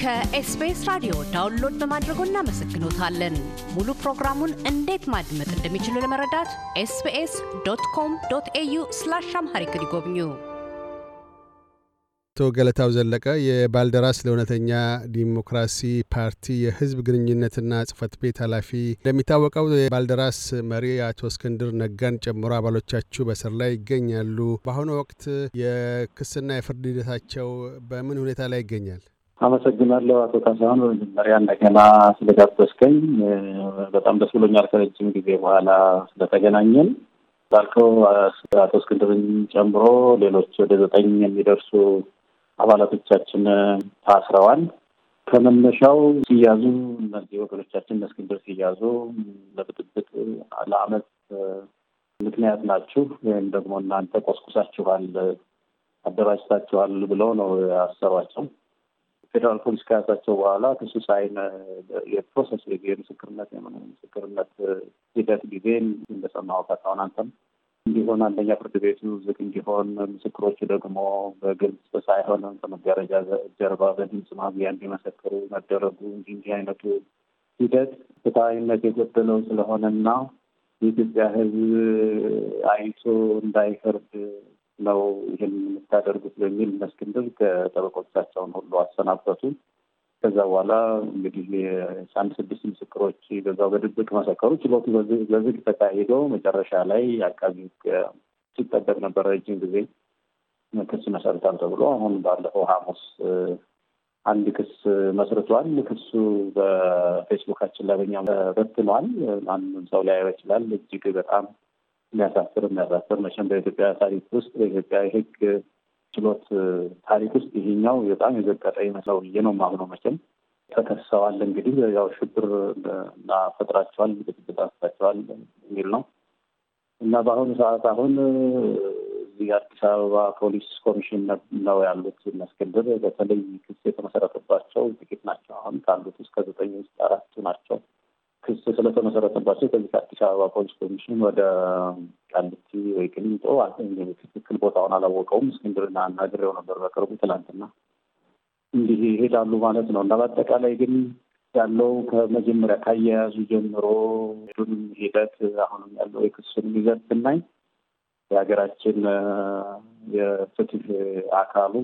ከኤስቢኤስ ራዲዮ ዳውንሎድ በማድረጎ እናመሰግኖታለን። ሙሉ ፕሮግራሙን እንዴት ማድመጥ እንደሚችሉ ለመረዳት ኤስቢኤስ ዶት ኮም ዶት ኤዩ ስላሽ አምሃሪክ ይጎብኙ። አቶ ገለታው ዘለቀ የባልደራስ ለእውነተኛ ዲሞክራሲ ፓርቲ የህዝብ ግንኙነትና ጽህፈት ቤት ኃላፊ። እንደሚታወቀው የባልደራስ መሪ አቶ እስክንድር ነጋን ጨምሮ አባሎቻችሁ በስር ላይ ይገኛሉ። በአሁኑ ወቅት የክስና የፍርድ ሂደታቸው በምን ሁኔታ ላይ ይገኛል? አመሰግናለሁ አቶ ካሳሁን በመጀመሪያ እንደገና ስለጋበዝከኝ በጣም ደስ ብሎኛል። ከረጅም ጊዜ በኋላ ስለተገናኘን ባልከው አቶ እስክንድርን ጨምሮ ሌሎች ወደ ዘጠኝ የሚደርሱ አባላቶቻችን ታስረዋል። ከመነሻው ሲያዙ እነዚህ ወገኖቻችን እስክንድር ሲያዙ ለብጥብጥ ለአመት ምክንያት ናችሁ ወይም ደግሞ እናንተ ቆስቁሳችኋል፣ አደራጅታችኋል ብለው ነው ያሰሯቸው። ፌዴራል ፖሊስ ከያዛቸው በኋላ ክሱ ሳይን የፕሮሰስ የምስክርነት ምስክርነት ምስክርነት ሂደት ጊዜም እንደሰማሁት አሁን አንተም እንዲሆን አንደኛ ፍርድ ቤቱ ዝግ እንዲሆን ምስክሮቹ ደግሞ በግልጽ ሳይሆን ከመጋረጃ ጀርባ በድምፅ ማጉያ እንዲመሰክሩ መደረጉ እንዲ እንዲህ አይነቱ ሂደት ፍትሐዊነት የጎደለው ስለሆነና የኢትዮጵያ ሕዝብ አይቶ እንዳይፈርድ ነው ይህን የምታደርጉት በሚል እስክንድር ከጠበቆቻቸውን ሁሉ አሰናበቱ። ከዛ በኋላ እንግዲህ አንድ ስድስት ምስክሮች በዛው በድብቅ መሰከሩ። ችሎቱ በዝግ ተካሂዶ መጨረሻ ላይ አቃቢ ሲጠበቅ ነበረ ረጅም ጊዜ ክስ መሰርታል ተብሎ አሁን ባለፈው ሐሙስ አንድ ክስ መስርቷል። ክሱ በፌስቡካችን ላይ በኛ በትኗል። ማንም ሰው ሊያየው ይችላል። እጅግ በጣም የሚያሳስር የሚያሳስር መቼም በኢትዮጵያ ታሪክ ውስጥ በኢትዮጵያ የህግ ችሎት ታሪክ ውስጥ ይሄኛው በጣም የዘቀጠ ይመስለው ብዬ ነው የማምነው። መቼም ተከሰዋል እንግዲህ ያው ሽብር እና ፈጥራቸዋል ግድግዳ አስታቸዋል የሚል ነው እና በአሁኑ ሰዓት አሁን እዚህ አዲስ አበባ ፖሊስ ኮሚሽን ነው ያሉት የሚያስገድር በተለይ ክስ የተመሰረተባቸው ጥቂት ናቸው። አሁን ካሉት እስከ ዘጠኝ ውስጥ አራቱ ናቸው። ክስ ስለተመሰረተባቸው ከዚህ ከአዲስ አበባ ፖሊስ ኮሚሽን ወደ ቃሊቲ ወይ ቅሊንጦ ትክክል ቦታውን አላወቀውም። እስክንድርና አናግሬው ነበር በቅርቡ ትላንትና። እንዲህ ይሄዳሉ ማለት ነው እና በአጠቃላይ ግን ያለው ከመጀመሪያ ካያያዙ ጀምሮ ሄዱንም ሂደት አሁንም ያለው የክሱን ይዘት ስናይ የሀገራችን የፍትህ አካሉ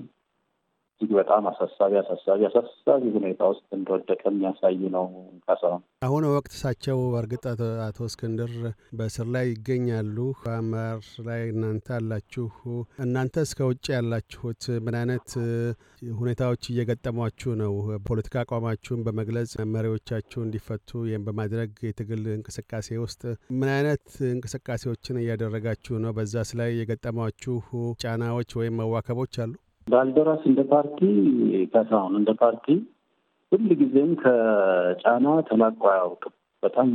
እጅግ በጣም አሳሳቢ አሳሳቢ አሳሳቢ ሁኔታ ውስጥ እንደወደቀ የሚያሳይ ነው። ካሳሁን አሁን ወቅት እሳቸው እርግጥ አቶ እስክንድር በእስር ላይ ይገኛሉ። አመራር ላይ እናንተ አላችሁ። እናንተ እስከ ውጭ ያላችሁት ምን አይነት ሁኔታዎች እየገጠሟችሁ ነው? ፖለቲካ አቋማችሁን በመግለጽ መሪዎቻችሁ እንዲፈቱ ይህም በማድረግ የትግል እንቅስቃሴ ውስጥ ምን አይነት እንቅስቃሴዎችን እያደረጋችሁ ነው? በዛስ ላይ የገጠሟችሁ ጫናዎች ወይም መዋከቦች አሉ? ባልደራስ እንደ ፓርቲ ከሳሁን እንደ ፓርቲ ጊዜም ከጫና ተላቆ አያውቅም። በጣም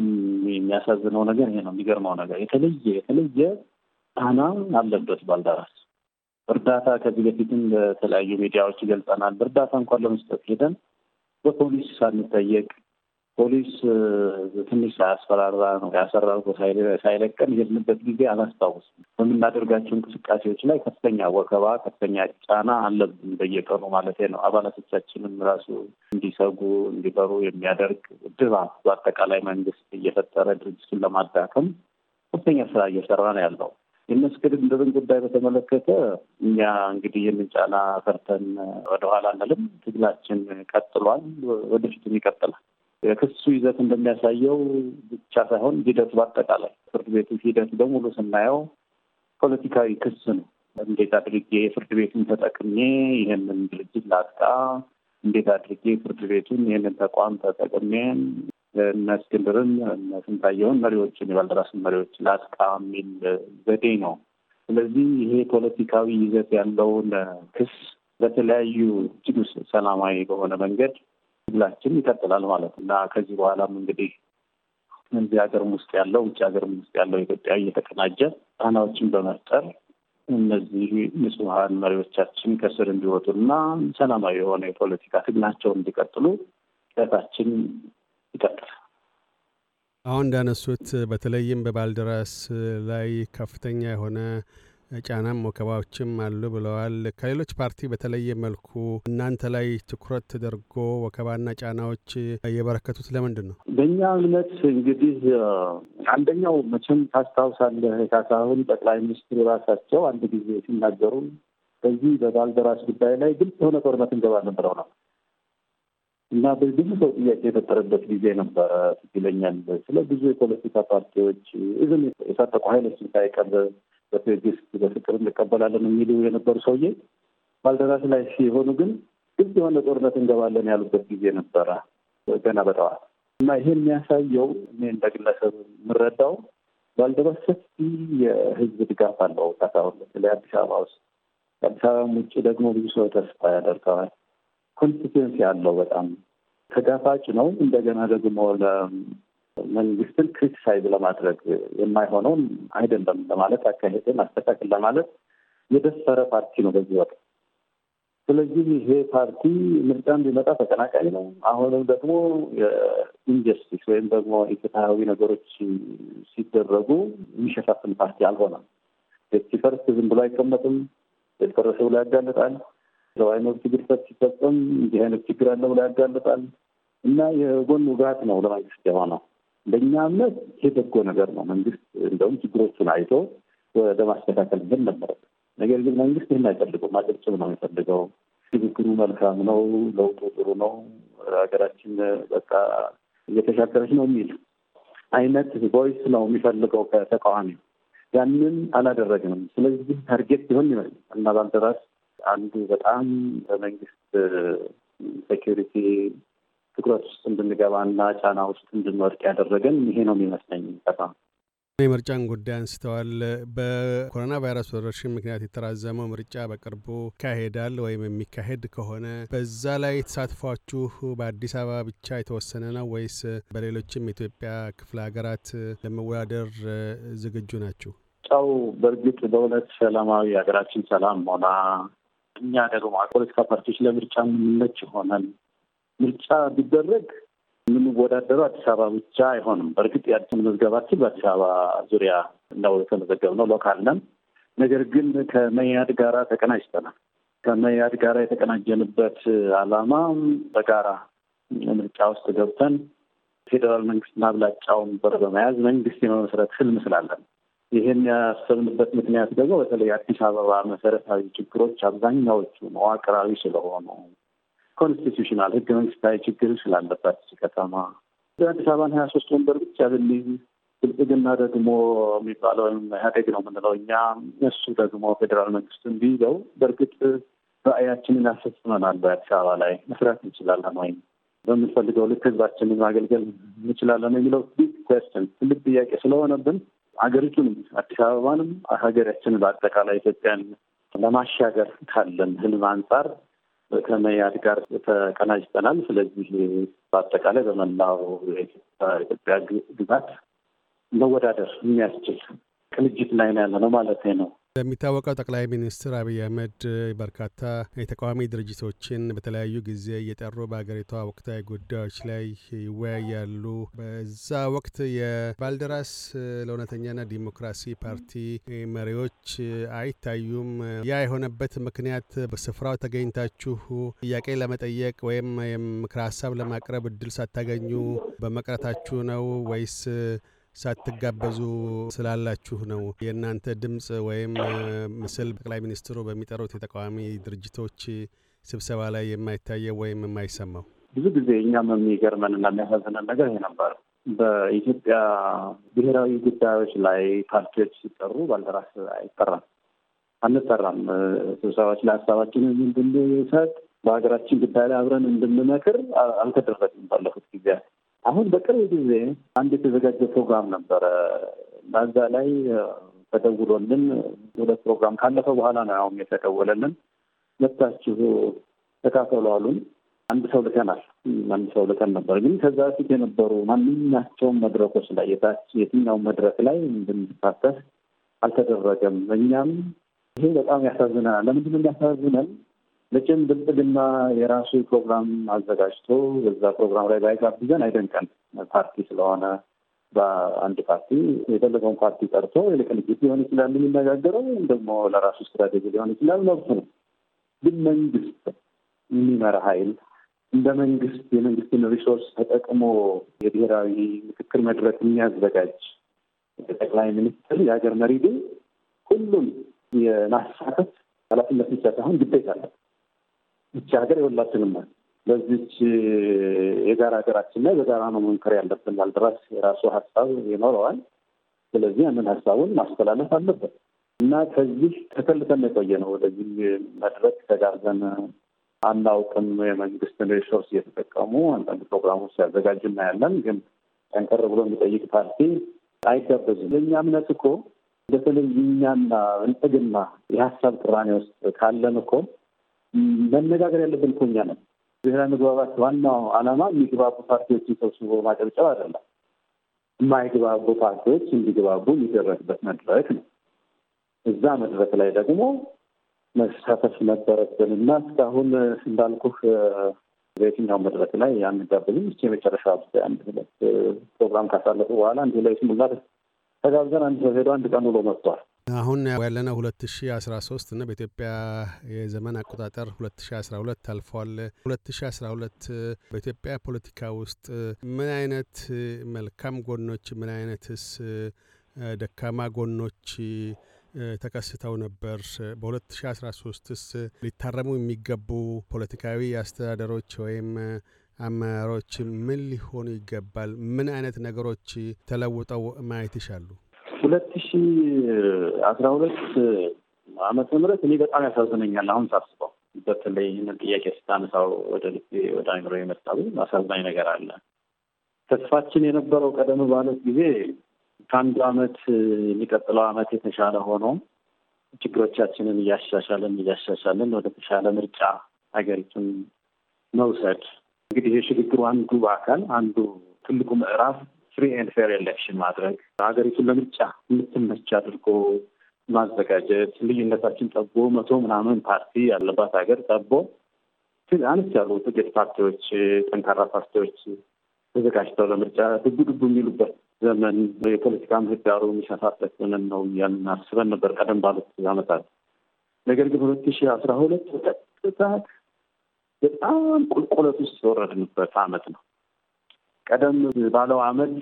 የሚያሳዝነው ነገር ይሄ ነው። የሚገርመው ነገር የተለየ የተለየ ጫና አለበት ባልደራስ። እርዳታ ከዚህ በፊትም በተለያዩ ሚዲያዎች ይገልጸናል። እርዳታ እንኳን ለመስጠት ሄደን በፖሊስ ሳንጠየቅ ፖሊስ ትንሽ ሳያስፈራራ ነው ያሰራር ሳይለቀን የሄድንበት ጊዜ አላስታውስም። በምናደርጋቸው እንቅስቃሴዎች ላይ ከፍተኛ ወከባ፣ ከፍተኛ ጫና አለብን በየቀኑ ማለት ነው። አባላቶቻችንም ራሱ እንዲሰጉ እንዲፈሩ የሚያደርግ ድባብ በአጠቃላይ መንግስት እየፈጠረ ድርጅቱን ለማዳከም ከፍተኛ ስራ እየሰራ ነው ያለው። የመስገድ ምድርን ጉዳይ በተመለከተ እኛ እንግዲህ ይህንን ጫና ፈርተን ወደኋላ አንልም። ትግላችን ቀጥሏል፣ ወደፊትም ይቀጥላል። የክሱ ይዘት እንደሚያሳየው ብቻ ሳይሆን ሂደቱ በአጠቃላይ ፍርድ ቤቱ ሂደት በሙሉ ስናየው ፖለቲካዊ ክስ ነው። እንዴት አድርጌ ፍርድ ቤቱን ተጠቅሜ ይህንን ድርጅት ላጥቃ፣ እንዴት አድርጌ ፍርድ ቤቱን ይህንን ተቋም ተጠቅሜ እነ እስክንድርን እነ ስንታየውን መሪዎችን የባልደራስን መሪዎች ላጥቃ የሚል ዘዴ ነው። ስለዚህ ይሄ ፖለቲካዊ ይዘት ያለውን ክስ በተለያዩ እጅግ ሰላማዊ በሆነ መንገድ ትግላችን ይቀጥላል ማለት እና ከዚህ በኋላም እንግዲህ እዚህ ሀገርም ውስጥ ያለው ውጭ ሀገርም ውስጥ ያለው ኢትዮጵያ እየተቀናጀ ጣናዎችን በመፍጠር እነዚህ ንጹሀን መሪዎቻችን ከስር እንዲወጡና ሰላማዊ የሆነ የፖለቲካ ትግላቸውን እንዲቀጥሉ ጥረታችን ይቀጥላል። አሁን እንዳነሱት በተለይም በባልደራስ ላይ ከፍተኛ የሆነ ጫናም ወከባዎችም አሉ ብለዋል። ከሌሎች ፓርቲ በተለየ መልኩ እናንተ ላይ ትኩረት ተደርጎ ወከባና ጫናዎች የበረከቱት ለምንድን ነው? በእኛ እምነት እንግዲህ አንደኛው መቼም ታስታውሳለህ ካሳሁን ጠቅላይ ሚኒስትሩ ራሳቸው አንድ ጊዜ ሲናገሩ በዚህ በባልደራስ ጉዳይ ላይ ግልጽ የሆነ ጦርነት እንገባለን ብለው ነው እና ብዙ ሰው ጥያቄ የፈጠረበት ጊዜ ነበረ ይለኛል። ስለ ብዙ የፖለቲካ ፓርቲዎች እዝም የታጠቁ ኃይሎች ሳይቀር በትዕግስት በፍቅር እንቀበላለን የሚሉ የነበሩ ሰውዬ ባልደራስ ላይ ሲሆኑ ግን ግልጽ የሆነ ጦርነት እንገባለን ያሉበት ጊዜ ነበረ ገና በጠዋት እና ይሄ የሚያሳየው እኔ እንደ ግለሰብ የምረዳው ባልደራስ ሰፊ የህዝብ ድጋፍ አለው ካሳሁን በተለይ አዲስ አበባ ውስጥ ከአዲስ አበባም ውጭ ደግሞ ብዙ ሰው ተስፋ ያደርገዋል ኮንስቲትዌንሲ ያለው በጣም ተጋፋጭ ነው እንደገና ደግሞ መንግስትን ክሪቲሳይዝ ለማድረግ የማይሆነውን አይደለም ለማለት አካሄድን አስተካክል ለማለት የደፈረ ፓርቲ ነው በዚህ ወቅት። ስለዚህ ይሄ ፓርቲ ምርጫ እንዲመጣ ተቀናቃኝ ነው። አሁንም ደግሞ የኢንጀስቲስ ወይም ደግሞ የፍትሐዊ ነገሮች ሲደረጉ የሚሸፋፍን ፓርቲ አልሆነም። ሲፈርስ ዝም ብሎ አይቀመጥም። የተፈረሰ ብሎ ያጋልጣል። ሰብአዊ መብት ግድፈት ሲፈጸም እንዲህ አይነት ችግር አለ ብሎ ያጋልጣል እና የጎን ውጋት ነው ለመንግስት የሆነው። ለእኛ እምነት ይሄ በጎ ነገር ነው። መንግስት እንደውም ችግሮቹን አይቶ ወደ ማስተካከል ግን ነበረበት። ነገር ግን መንግስት ይህን አይፈልጉም። አጭብጭብ ነው የሚፈልገው። ንግግሩ መልካም ነው፣ ለውጡ ጥሩ ነው፣ ሀገራችን በቃ እየተሻገረች ነው የሚል አይነት ቮይስ ነው የሚፈልገው ከተቃዋሚ። ያንን አላደረግንም። ስለዚህ ታርጌት ሲሆን ይመስል እና ባልደራስ አንዱ በጣም በመንግስት ሴኪሪቲ ትኩረት ውስጥ እንድንገባና ጫና ውስጥ እንድንወድቅ ያደረገን ይሄ ነው የሚመስለኝ ይጠራ የምርጫን ጉዳይ አንስተዋል። በኮሮና ቫይረስ ወረርሽኝ ምክንያት የተራዘመው ምርጫ በቅርቡ ይካሄዳል ወይም የሚካሄድ ከሆነ በዛ ላይ ተሳትፏችሁ በአዲስ አበባ ብቻ የተወሰነ ነው ወይስ በሌሎችም የኢትዮጵያ ክፍለ ሀገራት ለመወዳደር ዝግጁ ናችሁ? ጫው በእርግጥ በእውነት ሰላማዊ ሀገራችን ሰላም ሆና እኛ ደግሞ ፖለቲካ ፓርቲዎች ለምርጫ የምንመች ሆነን ምርጫ ቢደረግ የምንወዳደረው አዲስ አበባ ብቻ አይሆንም። በእርግጥ የአዲስ መዝገባችን በአዲስ አበባ ዙሪያ ነው የተመዘገብነው፣ ሎካል ነን። ነገር ግን ከመያድ ጋራ ተቀናጅተናል። ከመያድ ጋራ የተቀናጀንበት አላማ በጋራ ምርጫ ውስጥ ገብተን ፌዴራል መንግስት አብላጫውን በር በመያዝ መንግስት የመመስረት ህልም ስላለን ይህን ያሰብንበት ምክንያት ደግሞ በተለይ አዲስ አበባ መሰረታዊ ችግሮች አብዛኛዎቹ መዋቅራዊ ስለሆኑ ኮንስቲቱሽናል ህገ መንግስታዊ ችግር ስላለባት ከተማ አዲስ አበባን ሀያ ሶስት ወንበር ብቻ ብንይዝ ብልጽግና ደግሞ የሚባለው ወይም ኢህአዴግ ነው የምንለው እኛ እሱ ደግሞ ፌዴራል መንግስቱ እንዲይዘው በእርግጥ ራዕያችንን ያስፈጽመናል። በአዲስ አበባ ላይ መስራት እንችላለን ወይም በምንፈልገው ልክ ህዝባችንን ማገልገል እንችላለን የሚለው ቢግ ኩዌስችን ትልቅ ጥያቄ ስለሆነብን ሀገሪቱንም አዲስ አበባንም ሀገራችንን በአጠቃላይ ኢትዮጵያን ለማሻገር ካለን ህልም አንጻር ከመያድ ጋር ተቀናጅተናል። ስለዚህ በአጠቃላይ በመላው ኢትዮጵያ ግዛት መወዳደር የሚያስችል ቅንጅት ላይ ነው ያለ ነው ማለት ነው። እንደሚታወቀው ጠቅላይ ሚኒስትር አብይ አህመድ በርካታ የተቃዋሚ ድርጅቶችን በተለያዩ ጊዜ እየጠሩ በሀገሪቷ ወቅታዊ ጉዳዮች ላይ ይወያያሉ። በዛ ወቅት የባልደራስ ለእውነተኛና ዲሞክራሲ ፓርቲ መሪዎች አይታዩም። ያ የሆነበት ምክንያት በስፍራው ተገኝታችሁ ጥያቄ ለመጠየቅ ወይም ምክረ ሀሳብ ለማቅረብ እድል ሳታገኙ በመቅረታችሁ ነው ወይስ ሳትጋበዙ ስላላችሁ ነው። የእናንተ ድምፅ ወይም ምስል ጠቅላይ ሚኒስትሩ በሚጠሩት የተቃዋሚ ድርጅቶች ስብሰባ ላይ የማይታየው ወይም የማይሰማው ብዙ ጊዜ እኛም የሚገርመን እና የሚያሳዝነን ነገር ይሄ ነበር። በኢትዮጵያ ብሔራዊ ጉዳዮች ላይ ፓርቲዎች ሲጠሩ ባልደራስ አይጠራም፣ አንጠራም። ስብሰባዎች ላይ ሀሳባችንን እንድንሰጥ በሀገራችን ጉዳይ ላይ አብረን እንድንመክር አልተደረግም ባለፉት ጊዜያት አሁን በቅርብ ጊዜ አንድ የተዘጋጀ ፕሮግራም ነበረ እና እዛ ላይ ተደውሎልን ሁለት ፕሮግራም ካለፈ በኋላ ነው አሁን የተደወለልን መታችሁ ተካፈሉ አሉን። አንድ ሰው ልከናል። አንድ ሰው ልከን ነበር። ግን ከዛ በፊት የነበሩ ማንኛቸውም መድረኮች ላይ የታች የትኛው መድረክ ላይ እንድንሳተፍ አልተደረገም። እኛም ይሄ በጣም ያሳዝነናል። ለምንድን የሚያሳዝነን መቼም ብልጽግና የራሱ ፕሮግራም አዘጋጅቶ በዛ ፕሮግራም ላይ ባይጋብዘን አይደንቀን። ፓርቲ ስለሆነ በአንድ ፓርቲ የፈለገውን ፓርቲ ጠርቶ የቅንጅት ሊሆን ይችላል የሚነጋገረው ወይም ደግሞ ለራሱ ስትራቴጂ ሊሆን ይችላል መብቱ ነው። ግን መንግስት የሚመራ ሀይል እንደ መንግስት የመንግስትን ሪሶርስ ተጠቅሞ የብሔራዊ ምክክር መድረክ የሚያዘጋጅ ጠቅላይ ሚኒስትር የሀገር መሪ ግን ሁሉም የማሳተፍ ኃላፊነት ብቻ ሳይሆን ግዴታ አለ። ይቺ ሀገር የሁላችንም ናት። በዚች የጋራ ሀገራችን ላይ በጋራ ነው መንከር ያለብን። ባልደራስ የራሱ ሀሳብ ይኖረዋል። ስለዚህ ያንን ሀሳቡን ማስተላለፍ አለበት እና ከዚህ ተከልተን የቆየ ነው። ወደዚህ መድረክ ተጋርዘን አናውቅም። የመንግስትን ሪሶርስ እየተጠቀሙ አንዳንድ ፕሮግራሞች ሲያዘጋጁ እናያለን። ግን ጠንከር ብሎ የሚጠይቅ ፓርቲ አይጋበዝም። ለእኛ እምነት እኮ በተለይ እኛና የሀሳብ ቅራኔ ውስጥ ካለን እኮ መነጋገር ያለብን እኮ እኛ ነን። ብሔራዊ መግባባት ዋናው ዓላማ የሚግባቡ ፓርቲዎችን ሰብስቦ ማጨብጨብ አይደለም። የማይግባቡ ፓርቲዎች እንዲግባቡ የሚደረግበት መድረክ ነው። እዛ መድረክ ላይ ደግሞ መሳተፍ ነበረብን እና እስካሁን እንዳልኩህ በየትኛው መድረክ ላይ አንጋበዝም። እስኪ የመጨረሻ አንድ ሁለት ፕሮግራም ካሳለፉ በኋላ እንዲሁ ላይ ስሙላ ተጋብዘን አንድ ሰው ሄዶ አንድ ቀን ውሎ መጥቷል። አሁን ያለነው 2013 እና በኢትዮጵያ የዘመን አቆጣጠር 2012 አልፏል። 2012 በኢትዮጵያ ፖለቲካ ውስጥ ምን አይነት መልካም ጎኖች፣ ምን አይነትስ ደካማ ጎኖች ተከስተው ነበር? በ2013ስ ሊታረሙ የሚገቡ ፖለቲካዊ አስተዳደሮች ወይም አመራሮች ምን ሊሆኑ ይገባል? ምን አይነት ነገሮች ተለውጠው ማየት ይሻሉ? ሁለት ሺ አስራ ሁለት አመተ ምህረት እኔ በጣም ያሳዝነኛል አሁን ሳስበው በተለይ ይህን ጥያቄ ስታነሳው ወደ ልቤ ወደ አይምሮ የመጣው አሳዛኝ ነገር አለ። ተስፋችን የነበረው ቀደም ባሉት ጊዜ ከአንዱ አመት የሚቀጥለው ዓመት የተሻለ ሆኖ ችግሮቻችንን እያሻሻለን እያሻሻልን ወደ ተሻለ ምርጫ ሀገሪቱን መውሰድ እንግዲህ የሽግግሩ አንዱ አካል አንዱ ትልቁ ምዕራፍ ፍሪ ኤንድ ፌር ኤሌክሽን ማድረግ ሀገሪቱን ለምርጫ የምትመች አድርጎ ማዘጋጀት ልዩነታችን ጠቦ መቶ ምናምን ፓርቲ ያለባት ሀገር ጠቦ አነስ ያሉ ጥቂት ፓርቲዎች፣ ጠንካራ ፓርቲዎች ተዘጋጅተው ለምርጫ ድቡ ድቡ የሚሉበት ዘመን የፖለቲካ ምህዳሩ የሚሰፋበት ዘመን ነው እያልን አስበን ነበር ቀደም ባሉት ዓመታት። ነገር ግን ሁለት ሺህ አስራ ሁለት በጣም ቁልቁለት ውስጥ የወረድንበት ዓመት ነው። ቀደም ባለው ዓመት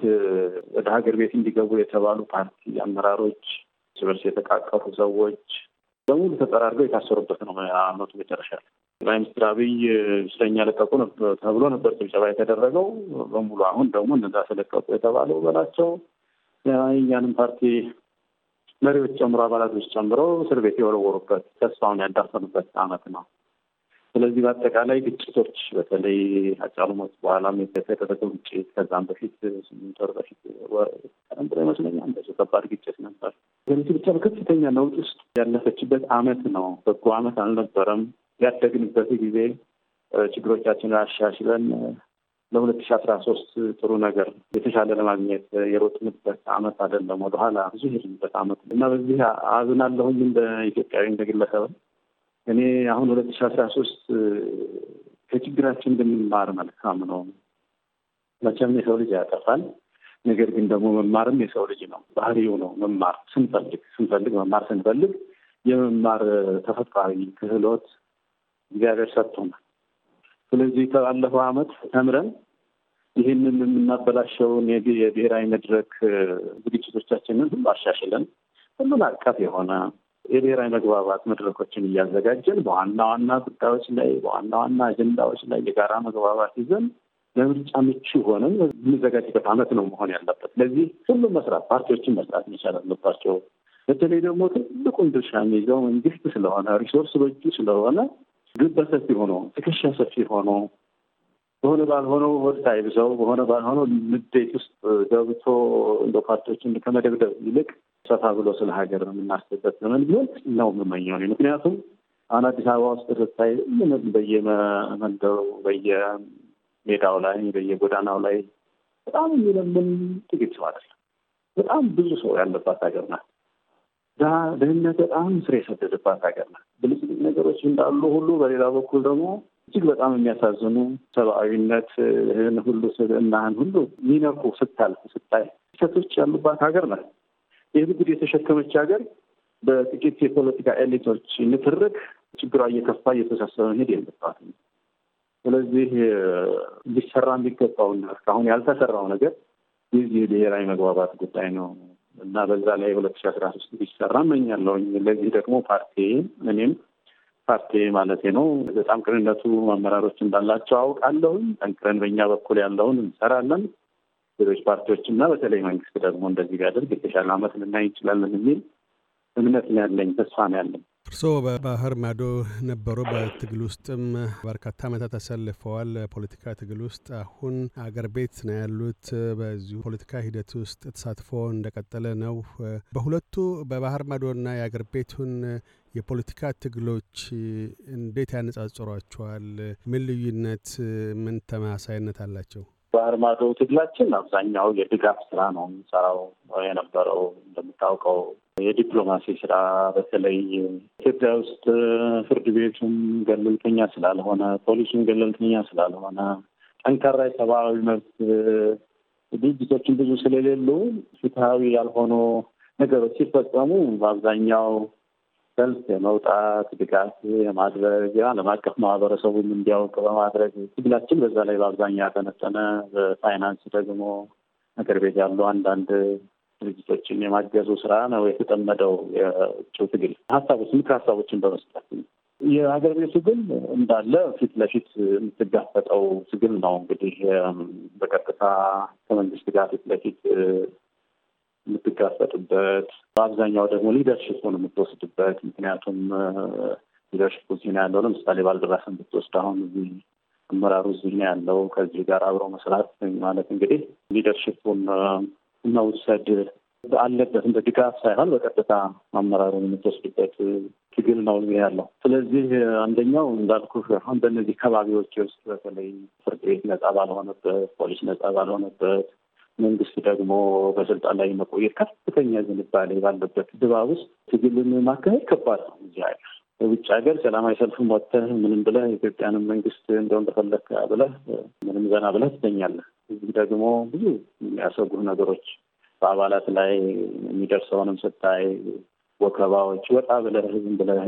ወደ ሀገር ቤት እንዲገቡ የተባሉ ፓርቲ አመራሮች፣ ስበርስ የተቃቀፉ ሰዎች በሙሉ ተጠራርገው የታሰሩበት ነው። አመቱ መጨረሻ ጠቅላይ ሚኒስትር አብይ እስረኛ ለቀቁ ተብሎ ነበር ጭብጨባ የተደረገው በሙሉ። አሁን ደግሞ እነዛ ስለቀቁ የተባለው በላቸው የእኛንም ፓርቲ መሪዎች ጨምሮ አባላቶች ጨምሮ እስር ቤት የወረወሩበት ተስፋውን ያዳፈኑበት አመት ነው። ስለዚህ በአጠቃላይ ግጭቶች በተለይ አጫሉሞት በኋላም የተደረገው ግጭት ከዛም በፊት ስምንት ወር በፊት ቀደም ብሎ ይመስለኛል እንደ ከባድ ግጭት ነበር። ሀገሪቱ ብቻ በከፍተኛ ለውጥ ውስጥ ያለፈችበት አመት ነው። በጎ አመት አልነበረም። ያደግንበት ጊዜ ችግሮቻችንን አሻሽለን ለሁለት ሺ አስራ ሶስት ጥሩ ነገር የተሻለ ለማግኘት የሮጥንበት አመት አይደለም። ወደኋላ ብዙ ሄድንበት አመት እና በዚህ አዝናለሁኝ እንደ ኢትዮጵያዊ እንደ እኔ አሁን ሁለት ሺ አስራ ሶስት ከችግራችን እንደምንማር መልካም ነው። መቼም የሰው ልጅ ያጠፋል። ነገር ግን ደግሞ መማርም የሰው ልጅ ነው፣ ባህሪው ነው። መማር ስንፈልግ ስንፈልግ መማር ስንፈልግ የመማር ተፈጥሯዊ ክህሎት እግዚአብሔር ሰጥቶናል። ስለዚህ ከባለፈው ዓመት ተምረን ይህንን የምናበላሸውን የብሔራዊ መድረክ ዝግጅቶቻችንን ሁሉ አሻሽለን ሁሉን አቀፍ የሆነ የብሔራዊ መግባባት መድረኮችን እያዘጋጀን በዋና ዋና ጉዳዮች ላይ በዋና ዋና አጀንዳዎች ላይ የጋራ መግባባት ይዘን ለምርጫ ምቹ ሆነን የሚዘጋጅበት አመት ነው መሆን ያለበት። ለዚህ ሁሉም መስራት ፓርቲዎችን መስራት መቻል አለባቸው። በተለይ ደግሞ ትልቁን ድርሻ የሚይዘው መንግስት ስለሆነ ሪሶርስ በእጁ ስለሆነ ግበሰፊ ሆኖ ትከሻ ሰፊ ሆኖ በሆነ ባልሆነው ወድ ታይብሰው በሆነ ባልሆነው ንዴት ውስጥ ገብቶ እንደ ፓርቲዎችን ከመደብደብ ይልቅ ሰፋ ብሎ ስለ ሀገር የምናስብበት ዘመን ቢሆን ነው የምመኘው። ምክንያቱም አሁን አዲስ አበባ ውስጥ ስታይ በየመንደሩ በየሜዳው ላይ በየጎዳናው ላይ በጣም የሚለምን ጥቂት ሰው አይደለም። በጣም ብዙ ሰው ያለባት ሀገር ናት። ድህነት በጣም ስር የሰደደባት ሀገር ናት። ብልጽግ ነገሮች እንዳሉ ሁሉ በሌላ በኩል ደግሞ እጅግ በጣም የሚያሳዝኑ ሰብአዊነት ህን ሁሉ ስብእናህን ሁሉ ሚነኩ ስታልፍ ስታይ ክስተቶች ያሉባት ሀገር ናት። ይህ ጉድ የተሸከመች ሀገር በጥቂት የፖለቲካ ኤሊቶች ንትርክ ችግሯ እየከፋ እየተሳሰበ መሄድ የለባትም። ስለዚህ ሊሰራ የሚገባውና እስካሁን ያልተሰራው ነገር የዚህ ብሔራዊ መግባባት ጉዳይ ነው እና በዛ ላይ ሁለት ሺ አስራ ሶስት ሊሰራ እመኛለሁ። ለዚህ ደግሞ ፓርቲ እኔም ፓርቲ ማለት ነው። በጣም ቅንነቱ አመራሮች እንዳላቸው አውቃለሁኝ። ጠንክረን በእኛ በኩል ያለውን እንሰራለን። ሌሎች ፓርቲዎች እና በተለይ መንግስት ደግሞ እንደዚህ ቢያደርግ የተሻለ አመት ልናይ እንችላለን የሚል እምነት ነው ያለኝ፣ ተስፋ ነው ያለኝ። እርስዎ በባህር ማዶ ነበሩ። በትግል ውስጥም በርካታ ዓመታት ተሰልፈዋል። ፖለቲካ ትግል ውስጥ አሁን አገር ቤት ነው ያሉት። በዚሁ ፖለቲካ ሂደት ውስጥ ተሳትፎ እንደቀጠለ ነው። በሁለቱ በባህር ማዶና የአገር ቤቱን የፖለቲካ ትግሎች እንዴት ያነጻጽሯቸዋል? ምን ልዩነት፣ ምን ተመሳሳይነት አላቸው? በአርማዶ ትግላችን አብዛኛው የድጋፍ ስራ ነው የምንሰራው የነበረው። እንደምታውቀው የዲፕሎማሲ ስራ በተለይ ኢትዮጵያ ውስጥ ፍርድ ቤቱም ገለልተኛ ስላልሆነ፣ ፖሊሱም ገለልተኛ ስላልሆነ፣ ጠንካራ የሰብአዊ መብት ድርጅቶችን ብዙ ስለሌሉ ፍትሀዊ ያልሆኑ ነገሮች ሲፈጸሙ በአብዛኛው ሰልፍ የመውጣት ድጋፍ የማድረግ የዓለም አቀፍ ማህበረሰቡም እንዲያውቅ በማድረግ ትግላችን በዛ ላይ በአብዛኛው ያጠነጠነ፣ በፋይናንስ ደግሞ ምክር ቤት ያሉ አንዳንድ ድርጅቶችን የማገዙ ስራ ነው የተጠመደው። የውጭው ትግል ሀሳቦች፣ ምክር ሀሳቦችን በመስጠት የሀገር ቤቱ ግን እንዳለ ፊት ለፊት የምትጋፈጠው ትግል ነው። እንግዲህ በቀጥታ ከመንግስት ጋር ፊት ለፊት የምትጋፈጥበት፣ በአብዛኛው ደግሞ ሊደርሽፕ ነው የምትወስድበት። ምክንያቱም ሊደርሽፕ እዚህ ነው ያለው። ለምሳሌ ባልደራስን ብትወስድ አሁን እዚህ አመራሩ እዚህ ነው ያለው። ከዚህ ጋር አብሮ መስራት ማለት እንግዲህ ሊደርሽፑን መውሰድ አለበትም በድጋፍ ሳይሆን በቀጥታ አመራሩን የምትወስድበት ትግል ነው ያለው። ስለዚህ አንደኛው እንዳልኩ አሁን በእነዚህ ከባቢዎች ውስጥ በተለይ ፍርድ ቤት ነጻ ባልሆነበት፣ ፖሊስ ነጻ ባልሆነበት መንግስት ደግሞ በስልጣን ላይ መቆየት ከፍተኛ ዝንባሌ ባለበት ድባብ ውስጥ ትግልን ማካሄድ ከባድ ነው። እዚህ ሀገር በውጭ ሀገር ሰላማዊ ሰልፍም ወጥተህ ምንም ብለህ ኢትዮጵያንም መንግስት እንደው እንደፈለክ ብለህ ምንም ዘና ብለህ ትተኛለህ። እዚህ ደግሞ ብዙ የሚያሰጉህ ነገሮች በአባላት ላይ የሚደርሰውንም ስታይ ወከባዎች፣ ወጣ ብለህ ዝም ብለህ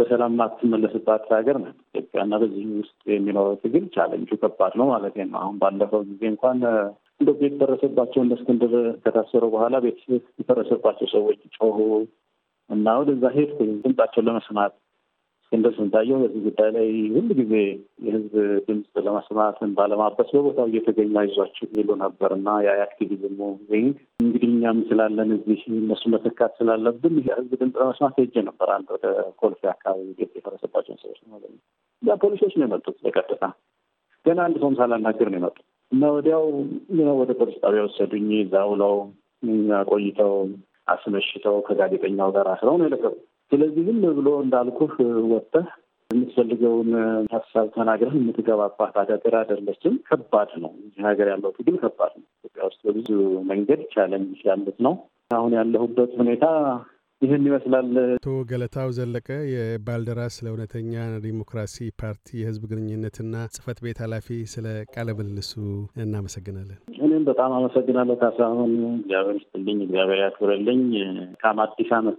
በሰላም ማትመለስባት ሀገር ነ ኢትዮጵያና በዚህ ውስጥ የሚኖረው ትግል ቻለንጁ ከባድ ነው ማለት ነው። አሁን ባለፈው ጊዜ እንኳን እንደ ቤት ፈረሰባቸው እንደ እስክንድር ከታሰሩ በኋላ ቤት የፈረሰባቸው ሰዎች ጮሁ እና ወደዛ ሄድኩኝ ድምጻቸውን ለመስማት እስክንድር ስንታየው በዚህ ጉዳይ ላይ ሁሉ ጊዜ የህዝብ ድምፅ ለመስማትን ባለማበስ በቦታው እየተገኙ አይዟቸው ይሉ ነበር እና የአክቲቪዝሙ ዊንግ እንግዲህ እኛም ስላለን እዚህ እነሱ መተካት ስላለብን የህዝብ ድምፅ ለመስማት ሄጀ ነበር። አንድ ወደ ኮልፌ አካባቢ ቤት የፈረሰባቸውን ሰዎች ማለት ነው ፖሊሶች ነው የመጡት በቀጥታ ገና አንድ ሰውም ሳላናገር ነው የመጡት። እና ወዲያው ወደ ፖሊስ ጣቢያ ወሰዱኝ። እዛ ውለው ቆይተው አስመሽተው ከጋዜጠኛው ጋር አስረው ነው የለቀቁ። ስለዚህ ዝም ብሎ እንዳልኩህ ወጥተህ የምትፈልገውን ሀሳብ ተናግረህ የምትገባባት ሀገር አይደለችም። ከባድ ነው። እዚህ ሀገር ያለው ትግል ከባድ ነው። ኢትዮጵያ ውስጥ በብዙ መንገድ ቻለንጅ ያሉት ነው። አሁን ያለሁበት ሁኔታ ይህን ይመስላል። አቶ ገለታው ዘለቀ የባልደራስ ለእውነተኛ ዲሞክራሲ ፓርቲ የህዝብ ግንኙነትና ጽህፈት ቤት ኃላፊ፣ ስለ ቃለ ምልልሱ እናመሰግናለን። እኔም በጣም አመሰግናለሁ ካሳሁን። እግዚአብሔር ይስጥልኝ፣ እግዚአብሔር ያክብረልኝ። ካም አዲስ አመት